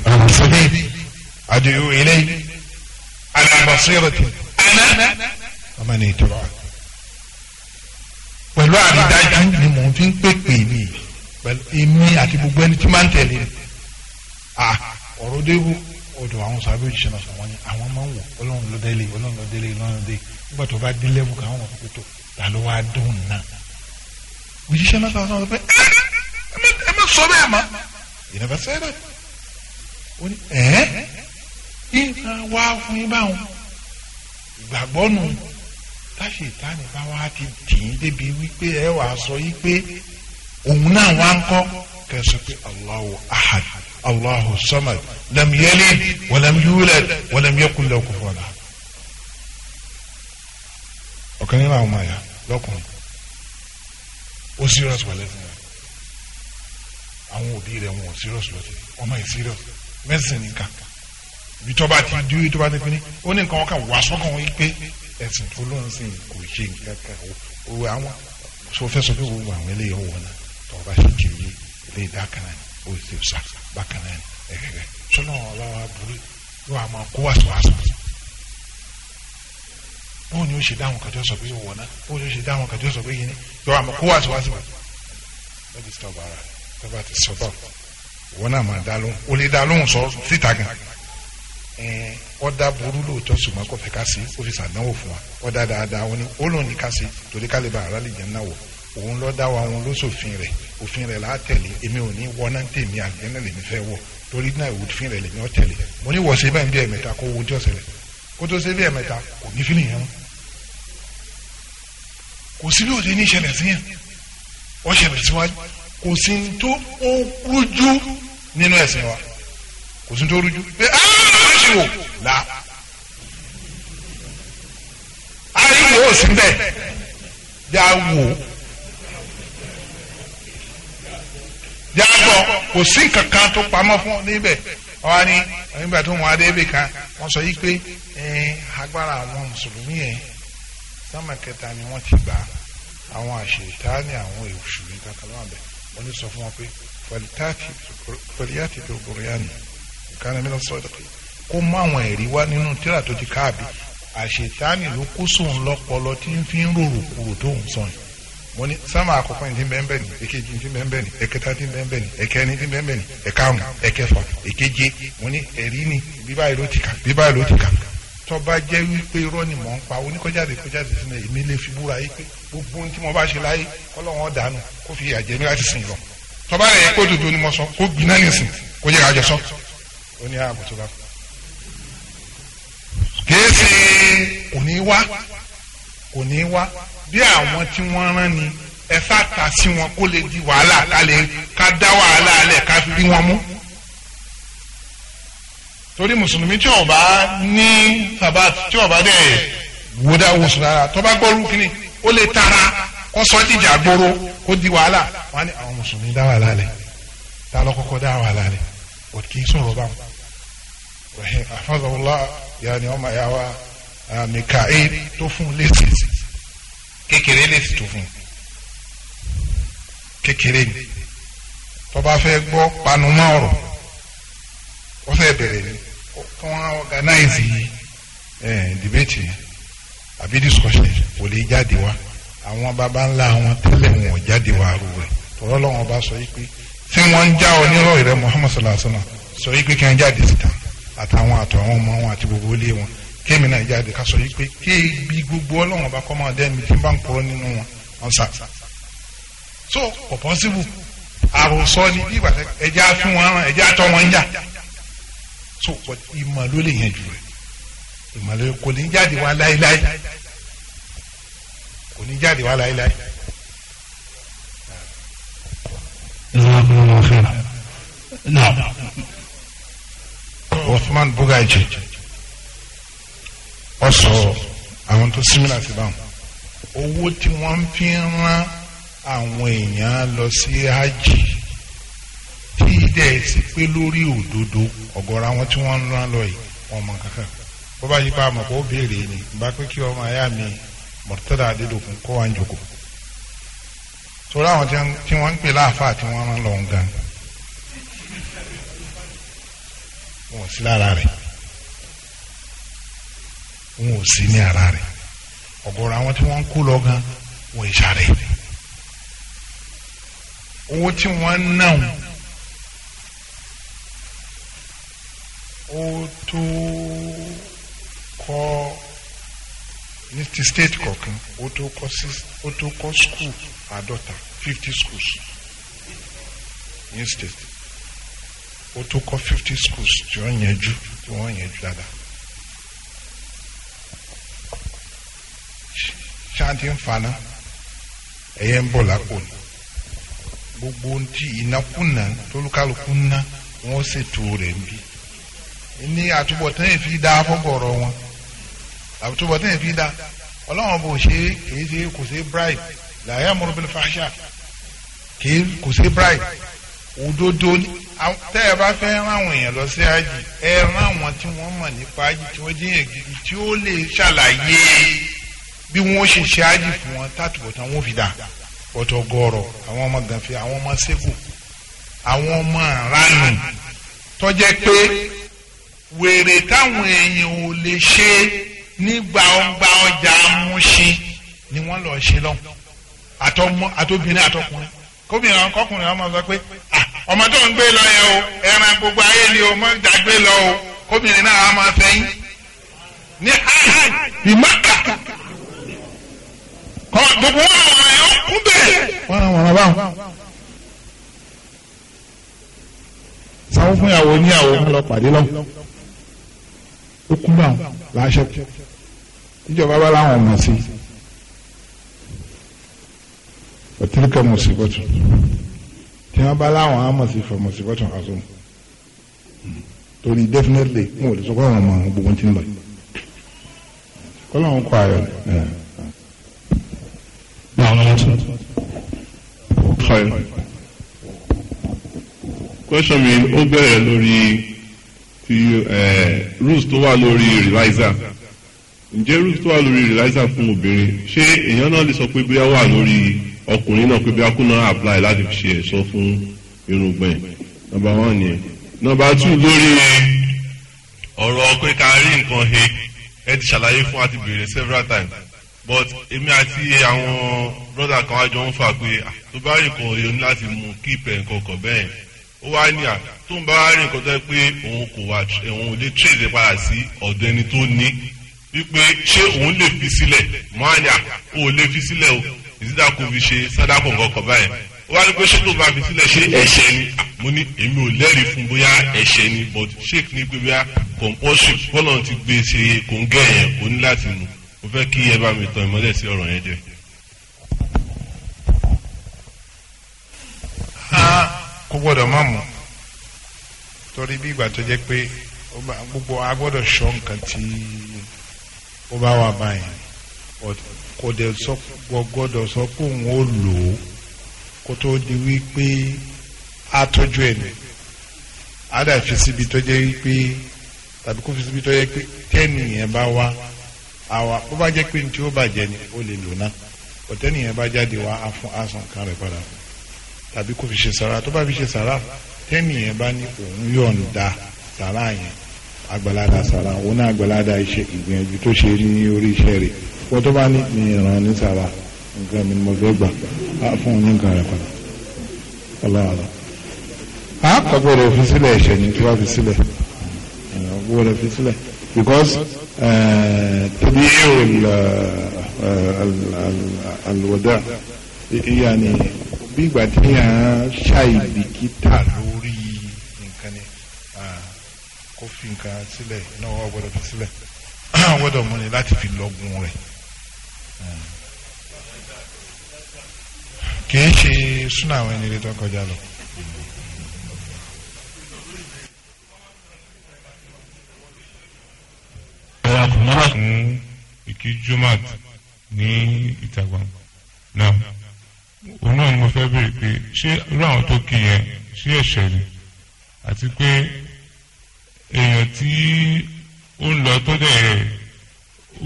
Speaker 1: àrùsọ̀lẹ̀ àdìyó ilé alábàṣírọ̀ tì ẹ̀nà ọmọ ní ìtura pẹ̀lú àrídájú ni mò ń fi ń pèpè mi pẹ̀lú èmi àti gbogbo ẹni tí máa ń tẹ̀lé ọ̀rọ̀ débù ọ̀dọ̀ àwọn sàbẹ̀ òjìṣẹ́ náà sọ wọ́n ní àwọn máa ń wò ọlọ́run ló délé ọlọ́run ló délé ọlọ́run ló dé nígbà tó bá dé lẹ́bù kan àwọn òkú tó ta ló wá dùn náà òjìṣẹ́ náà sọ wọ́n pé ah, ẹ má sọ bẹ́ẹ̀ mọ́ ìyẹn bá sẹ́yìn bẹ́ẹ̀ ó ní ẹ̀ nǹkan wá fún yín báwọn ìgbàgbọ́ nù táṣì ìtàní bá wá ti dì débi wípé ẹ wàá sọ yí pé òun náà wá ń kọ́ kẹsàn-án pé Allahu ahad الله الصمد لم yalid ولم يولد ولم yakun lahu kufuwan ahad. ọ̀kan nínú àwọn ọmọ àyà lọ́kùnrin ó serious wà lẹ́sìn rẹ̀ àwọn òbí rẹ̀ wọn ò serious lọ́sìn ọmọ yìí serious medicine nìkan ibi tó bá ti dúró tó bá ti pinni ó ní nǹkan ọkàn wà sọ́kàn wọn pé ẹ̀sìn tó ló ń kò ṣe nǹkan kan o àwọn sọ fẹ́ sọ pé gbogbo àwọn eléyìí ọ̀wọ́ náà tọ́ ọ bá ṣe kiri eléyìí dákànnà ó sì sá bákan náà ẹ̀ẹ́dẹ́gbẹ́ sọ́nà ọba wa burú yóò wá máa kó wàásù wàásù bóun ni ó ṣe dáhùn kájọ sọ pé yóò wọ̀ náà bóun ni ó ṣe dáhùn kájọ sọ pé yìí ni yóò wá máa kó wàásù wàásù lọ́bi sọ bàrà tó ti sọ báwò wọn náà máa dá lè dá sọ síta gan ẹ̀ẹ́n ọ̀dà burú lóòótọ́ ṣùgbọ́n kò ká sí ó fi sàdánwò fún wa ọ̀dà dáadáa wọn ni ó lóun ní ká sí torí ká lè bá ara lè jẹun náà wọ̀ òun ló dá wa òun ló ṣòfin òfin rẹ̀ la tẹ̀lé èmi ò ní wọ náà tèmi àlùjẹ́nà lèmi fẹ́ wọ̀ torí náà òfin rẹ̀ lèmi ò tẹ̀lé mo ní wọ̀ ṣe bẹ́ẹ̀ bí ẹ̀mẹ́ta kó wo ojú ọ̀sẹ̀ rẹ̀ kó tó ṣe bí ẹ̀mẹ́ta kò ní fi nìyẹn kò sí bí òde ní ìṣẹ̀lẹ̀ sí yẹn ó ṣẹlẹ̀ síwájú kò sí tó ó rújú nínú ẹ̀sìn wa kò sí tó rújú pé ààrùn la
Speaker 2: ariwo ò sí bẹ́ẹ̀
Speaker 1: bí a wò ó. jágbọ́ kò sí nǹkan kan tó pamọ́ fún ọ níbẹ̀ wọ́n ní nígbà tó wọn adé ibì kan wọ́n sọ yí pé agbára àwọn mùsùlùmí yẹn sámà kẹta ni wọ́n ti gbà àwọn àṣetá ní àwọn èṣù ní kankan lọ́wọ́ bẹ̀ wọ́n ní sọ fún wọn pé pẹ̀líyàtì tó boríyàní nǹkan ẹ̀mí lọ sọ ẹ̀ kó mú àwọn ẹ̀rí wá nínú tíra tó ti káàbì àṣetá ni ló kó sóun lọ́pọlọ tí ń fi ń rorò kúrò tóun sọ yìí mo ní sámà àkọ́kọ́ ní ti bẹ́ẹ̀ bẹ́ẹ̀ ni èkejì ní ti bẹ́ẹ̀ bẹ́ẹ̀ ni ẹ̀kẹta ní ti bẹ́ẹ̀ bẹ́ẹ̀ ni ẹ̀kẹrin ní ti bẹ́ẹ̀ bẹ́ẹ̀ ni ẹ̀karùn ẹ̀kẹfà ẹ̀keje mo ní ẹ̀rí ni bíbá ìlú ti kà bíbá ìlú ti kà tọ́ba jẹ́ wípé irọ́ ni mò ń pa oníkọ́jáde kọjáde sínú èmi lè fi búra yìí pé gbogbo ohun tí mo bá ṣe láyé kọ́lọ́wọ́n dànù kó fi àjẹ́ mi láti sìn lọ tọ́ba rẹ̀ kó dodo ni mo sọ kó gbiná nìsín kó ní ààbò ah, tó kò ní wá wá bí àwọn tí wọ́n rán ni ẹ fàtà sí wọn kó lè di wàhálà ká lè ká dá wàhálà alẹ̀ ká fi rí wọn mú. torí mùsùlùmí tí ó bá ní sabat tí ó bá dẹ̀ wòdà wòsàn rárá tó bá gbọ́rú kínní ó lè tara kó sọ dìjà gbòòrò kó di wàhálà wọn ni àwọn mùsùlùmí dá wàhálà alẹ̀ tá a lọ kọ́kọ́ dá wàhálà alẹ̀ kò kì í sọ̀rọ̀ báwọn. rahim afadàwọlá yaani ọmọ yàrá mikael tó fún un létí kékeré lè sì tó fún un kékeré ni tó bá fẹ́ gbọ́ panumọ́ ọ̀rọ̀ ó fẹ́ bẹ̀rẹ̀ ni kí wọ́n organize debate yẹn àbí discussion kò lè jáde wá àwọn baba ńlá àwọn tẹ́lẹ̀ wọn jáde wá arú rẹ̀ tọ́lọ́ lọ́wọ́n bá sọ yìí pé tí wọ́n ń já ọ nírọ̀ rẹ̀ Muhammad Salasana, alaihi wasallam sọ yìí pé kí wọ́n jáde síta àtàwọn àtọ̀ àwọn ọmọ wọn àti gbogbo ilé wọn kémi náà jáde ká sọ yìí pé kébi gbogbo ọlọ́run ọba kọ́ máa dẹ́mi tí n bá ń kúrọ́ nínú wọn ọ̀sà so kò pọ́sibù àròsọ ni bí ìgbàsẹ ẹja tún wọn rán ẹja tọ́ wọn jà so ìmọ̀ ló lè yẹn jù rẹ̀ ìmọ̀ ló kò ní jáde wá láéláé kò ní jáde wá láéláé. Osman Bugaji ọ̀sọ̀ àwọn tó símìlà sí báwọn owó tí wọ́n fi ń rán àwọn èèyàn lọ sí hajj tí dẹ̀ sí pé lórí òdodo ọ̀gọ̀rọ̀ àwọn tí wọ́n ń rán lọ yìí wọ́n mọ kankan bó bá yí pa àmọ̀ kó béèrè ni bá pé kí ọmọ ayá mi mọ̀tọ́dà adédokùn kó wá ń jòkó torí àwọn tí wọ́n ń pè láàfáà tí wọ́n rán lọ ń gan wọ́n sí lára rẹ̀ wọn ò sí ní ara rẹ̀ ọ̀gọ̀rọ̀ àwọn tí wọ́n ń kú lọ gan wọ́n ìsàrẹ̀ owó tí wọ́n ń náwó ó tó kọ́ ní ti state kọ̀ọ̀kan ó tó kọ́ six ó tó kọ́ school àádọ́ta fifty schools ní state ó tó kọ́ fifty schools tí wọ́n yẹn jú tí wọ́n yẹn jú dáadáa. Chanting Fana, faná ẹyẹ ń bọ̀ lápò ni gbogbo ti ìnákúnà tólúkálukú ná wọn ṣètò rẹ̀ ń bí ní àtúbọ̀tán yẹn fi dá fọ́gọ̀rọ̀ wọn àtúbọ̀tán yẹn fi dá ọlọ́wọ́n bò ṣe kìí ṣe kò ṣe bribe làyà mọ̀rọ̀bìlì fàṣà kìí kò ṣe bribe òdodo ni tẹ́ ẹ bá fẹ́ ráwọn èèyàn lọ sí àjì ẹ ráwọn tí wọ́n mọ̀ nípa àjì tí wọ́n jẹ́ yẹn gidi tí ó lè ṣàlàyé bí wọ́n ṣe ṣe ájì fún wọn tàtúbọ̀tán wọ́n fi dà ọ̀tọ̀ gọ̀ọ̀rọ̀ àwọn ọmọ gànfẹ́ àwọn ọmọ sẹ́gò àwọn ọmọ ránù tọ́jẹ́ pé wèrè táwọn èèyàn ò lè ṣe nígbà ọgbà ọjà amúṣin ni wọ́n lọ ṣe lọ àtọmọ àtobìnrin àtọkùnrin kóbìnrin àwọn kọkùnrin àwọn ọmọ sọ pé ọmọ tó ń gbé lọ yẹn o ẹran gbogbo ayé ni o mọ dàgbé lọ o kóbìnrin náà á máa fẹ́yìn ní àhàn ìmọ̀kà gbogbo wọn àwọn ọmọ yẹn kú bẹ́ẹ̀. wọn àwọn ọmọ báwọn. sáwọn fún ìyàwó níyàwó wọn lọ pàdé lọ ó kú báwọn láṣẹ ìjọba bá láwọn ọmọ sí ọtíríkà mùsíbọtù tí wọn bá láwọn àmọ sí fọ mùsíbọtù àzọ torí definitely n ò lè sọ kọ́ àwọn ọmọ gbogbo tí ń lọ kọ́ làwọn kọ ayọ̀ ẹ̀.
Speaker 3: Mahmoud. Question mi ó bẹ̀rẹ̀ lórí ti rules tó wà lórí relizer. Ǹjẹ́ rules tó wà lórí náà pé bóyá wà apply láti fi ṣe ẹ̀ṣọ́ fún irùngbọ̀n? Nọmba one nìyẹn. Nọmba two lórí
Speaker 1: ọ̀rọ̀ pé ká rí nǹkan he ẹ ti ṣàlàyé fún wa ti bèrè several times but èmi àti àwọn brother kan wájú ń fà pé ah, tó bá rìn kan òye ní láti mú kíìpẹ̀ nǹkan kan bẹ́ẹ̀ ó wá ní à ah, tó ń bá wá rìn kan tó pé òun kò wá òun lè tírèdè padà sí ọ̀dọ̀ ẹni tó ní wípé ṣé òun lè fi sílẹ̀ mọ́ àní à ah, kò lè fi sílẹ̀ o ìsídà kò fi ṣe sádàpọ̀ nǹkan kan báyẹn ó wá ní pé ṣé tó bá fi sílẹ̀ ṣé ẹ̀ṣẹ̀ ni mo ní èmi ò lẹ́rìí fún bóyá ẹ̀ṣẹ̀ ni but sheik ní pé bóyá compulsion kọ́nà ti gbé ṣe kò ń gẹ̀ yẹn kò ní láti nù mo fẹ́ kí ẹ bá mi tan ìmọ́lẹ̀ sí ọ̀rọ̀ yẹn jẹ. kò gbọ́dọ̀ má mú torí bí ìgbà tó jẹ́ pé gbogbo a gbọ́dọ̀ sọ nǹkan tí ó bá wà báyìí kò dẹ̀ sọ gbọ́dọ̀ sọ pé òun ó lò ó kó tó di wípé a tọ́jú ẹ̀ nù á dà fi síbi tó jẹ́ wípé tàbí kó fi síbi tó yẹ pé kẹ́nìyàn bá wá. àwa bó bá jẹ́ pé ní tí ó bàjẹ́ ni ó lè lò náà ọ̀tẹ́ni yẹn bá jáde wá á fún àsàn kan rẹ̀ padà tàbí kò fi ṣe sàrà tó bá fi ṣe sàrà tẹ́ni yẹn bá ní òun yọ̀ǹda sàrà yẹn àgbàládà sàrà òun náà àgbàládà iṣẹ́ ìgbìyànjú tó ṣe ní orí iṣẹ́ rẹ̀ wọ́n tó bá ní ní sàrà nǹkan mi ni mo fẹ́ gbà á fún un nǹkan rẹ̀ padà ọlọ́run a gbọ́dọ̀ fi sílẹ̀ ẹ̀ṣẹ̀ ni tí wọ́n fi sílẹ̀ because uh, تضييع uh, uh, الوداع يعني bí ìgbà tí a ṣàìbìkítà lórí nǹkan ni kó fi nǹkan sílẹ̀ náà wọ́n gbọ́dọ̀ fi sílẹ̀ wọ́n gbọ́dọ̀ mú ni láti fi lọ́gùn rẹ̀ kì í ṣe súnà àwọn ẹni rẹ̀ tó
Speaker 3: kọjá lọ. fún ìkíjúmọ̀t ní ìta gbangba náà òun náà ni mo fẹ́ béèrè pé ṣé irú àwọn tó kí yẹn ṣé ẹ̀ṣẹ̀ ni àti pé èèyàn tí ó ń lọ tó dẹ̀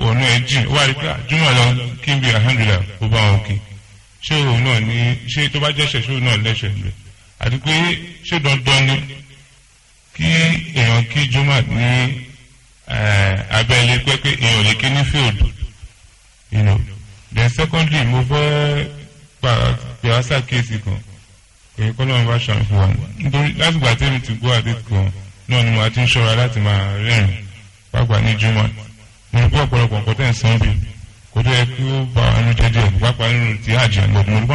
Speaker 3: wọnú ẹ̀ jìn wá rí pé àjùmọ̀ ah, lọ kí n bí alhamdulillah ó bá wọn kí ṣé òun náà ni ṣé tó bá jẹ́ṣẹ̀ ṣé òun náà lẹ́ṣẹ̀ rẹ̀ àti pé ṣé dandan ni kí èèyàn kí jùmọ̀ ní. Eh, abẹ́lé pẹ́pẹ́ èèyàn lè ké ní field you know then secondly mo fẹ́ pè á ṣàkíyèsí kan èyí kọ́ lọ́run bá ṣàǹfù wa nítorí tẹ́mi ti gbọ́ àdéhùn kan náà ni mo ti ń ṣọ́ra láti máa rẹ́rìn pàápàá ní jùmọ̀ mo rí pé ọ̀pọ̀lọpọ̀ nǹkan tẹ̀ ń san bí kó tó yẹ kí ó bá jẹjẹ pàápàá nínú ti àjẹ àgbọ̀dọ̀ mo rí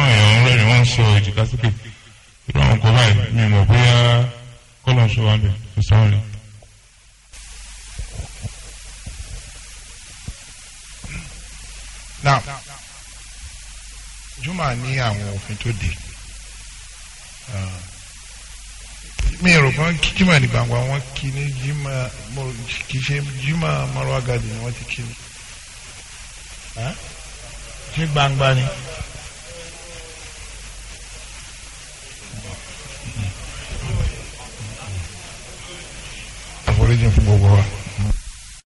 Speaker 3: pé
Speaker 1: now juma ni àwọn òfin tó dé uh, mi rò pé kí juma ní gbangba wọn kí ní juma kì í ṣe juma marwa gadi ni wọn ti kí ni ṣé gbangba ni.
Speaker 2: àforíjì fún gbogbo wa.